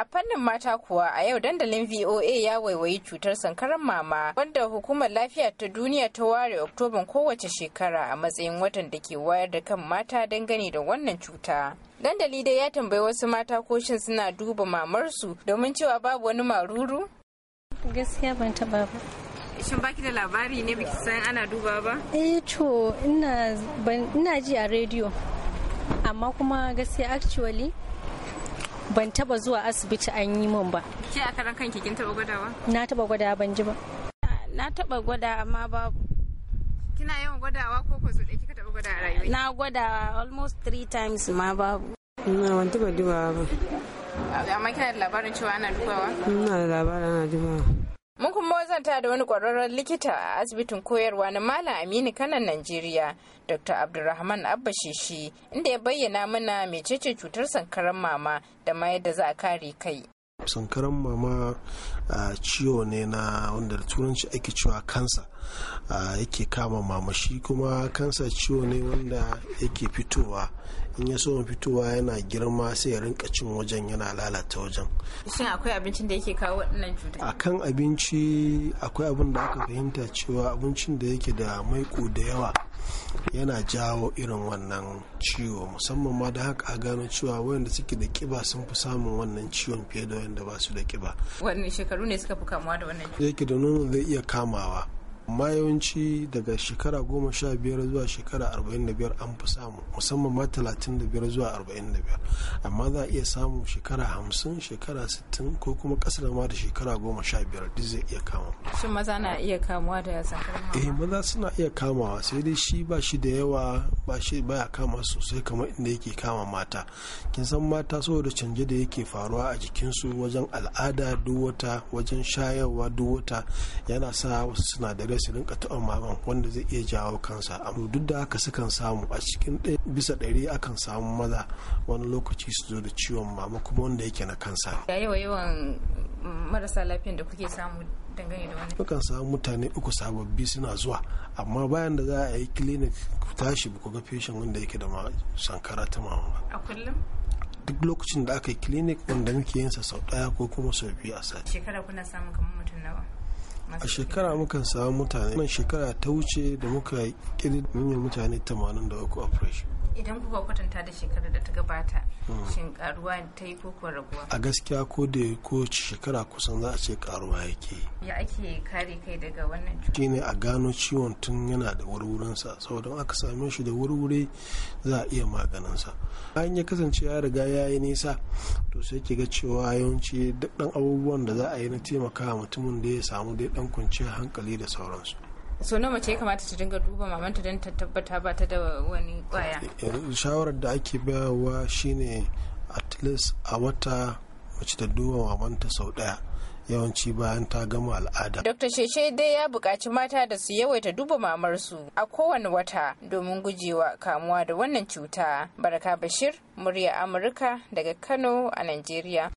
A fannin mata kuwa a yau dandalin VOA ya waiwayi cutar sankarar mama wanda hukumar lafiya ta duniya ta ware Oktoban kowace shekara a matsayin watan da ke wayar da kan mata dangane da wannan cuta. Dandali dai ya tambayi wasu mata ko shin suna duba mamarsu domin cewa babu wani maruru? Gaskiya ban taba ba. Shin baki da labari ne biki san ana duba ba? Eh to ina ji a rediyo amma kuma gaskiya actually ban taba zuwa asibiti an yi min ba ke a karan kanki kin taba gwadawa na taba gwadawa ban ji ba na taba gwada amma babu kina yawan gwadawa ko ko zuɗe kika taba gwada a rayuwa na gwada almost three times ma babu na ban taba dubawa ba amma kina da labarin cewa ana dubawa ina da labarin ana dubawa Mun kuma zanta da wani kwararren likita a asibitin koyarwa na Malam Aminu Kanan Najeriya, Dr. Abdulrahman Abba Shishi, inda ya bayyana mana mecece cutar sankaran mama da ma yadda za a kare kai. sankaran mama uh, ciwo ne na wanda da turanci ake cewa kansa yake kama mama shi kuma kansa ciwo ne wanda yake fitowa in ya so fitowa yana girma sai ya rinka cin wajen yana lalata wajen shin akwai abincin da yake kawo waɗannan cuta akan abinci akwai abin da aka fahimta cewa abincin da yake da maiko da yawa yana jawo irin wannan ciwo musamman ma da haka a gano cewa wayanda suke da kiba sun fi samun wannan ciwon fiye da wayanda ba su da kiba wani shekaru ne suka fi kamuwa da wannan yake da nono zai iya kamawa mayawanci daga shekara goma sha biyar zuwa shekara arba'in da biyar an fi samu musamman ma talatin da biyar zuwa arba'in da biyar amma za a iya samu shekara hamsin shekara sittin ko kuma ƙasa da ma da shekara goma sha biyar duk zai iya kama shin maza na iya kamuwa da sankaran eh maza suna iya kamawa sai dai shi ba shi da yawa ba shi baya kama sosai kamar inda yake kama mata kin san mata saboda canje da yake faruwa a jikinsu wajen al'ada duk wata wajen shayarwa duk wata yana sa wasu sinadarai kada su rinka taɓa maman wanda zai iya jawo kansa amma duk da haka sukan samu a cikin bisa ɗari akan samu maza wani lokaci su zo da ciwon mama kuma wanda yake na kansa ya yawa yawan marasa lafiyan da kuke samu dangane da wani mukan samu mutane uku sababbi suna zuwa amma bayan da za a yi clinic ku tashi ku ga feshin wanda yake da sankara ta mama a kullum duk lokacin da aka yi clinic wanda muke yin sa sau daya ko kuma sau biyu a sati shekara kuna samun kamar mutum nawa a shekara mukan samu mutane wannan shekara ta wuce da muka kirin miliyan mutane 83 operation idan kuka kwatanta da shekarar da ta gabata shin karuwa ta yi ko raguwa a gaskiya ko da ko shekara kusan za a ce karuwa yake ya ake kare kai daga wannan cuta ne a gano ciwon tun yana da wurwuransa saboda aka same shi da wurwure za a iya maganinsa bayan ya kasance ya riga ya yi nisa to sai ki ga cewa yawanci duk dan abubuwan da za a yi na taimaka mutumin da ya samu dai dan kwanciyar hankali da sauransu so na mace ya kamata ta dinga duba mamanta don ta tabbata ba ta da wani kwaya shawarar da ake bayarwa shine at least a wata mace ta duba mamanta sau daya yawanci bayan ta gama al'ada. Dr. Sheshe dai ya buƙaci mata da su yawaita duba mamarsu a kowane wata domin gujewa kamuwa da wannan cuta. Baraka Bashir, murya Amurka daga Kano a Najeriya.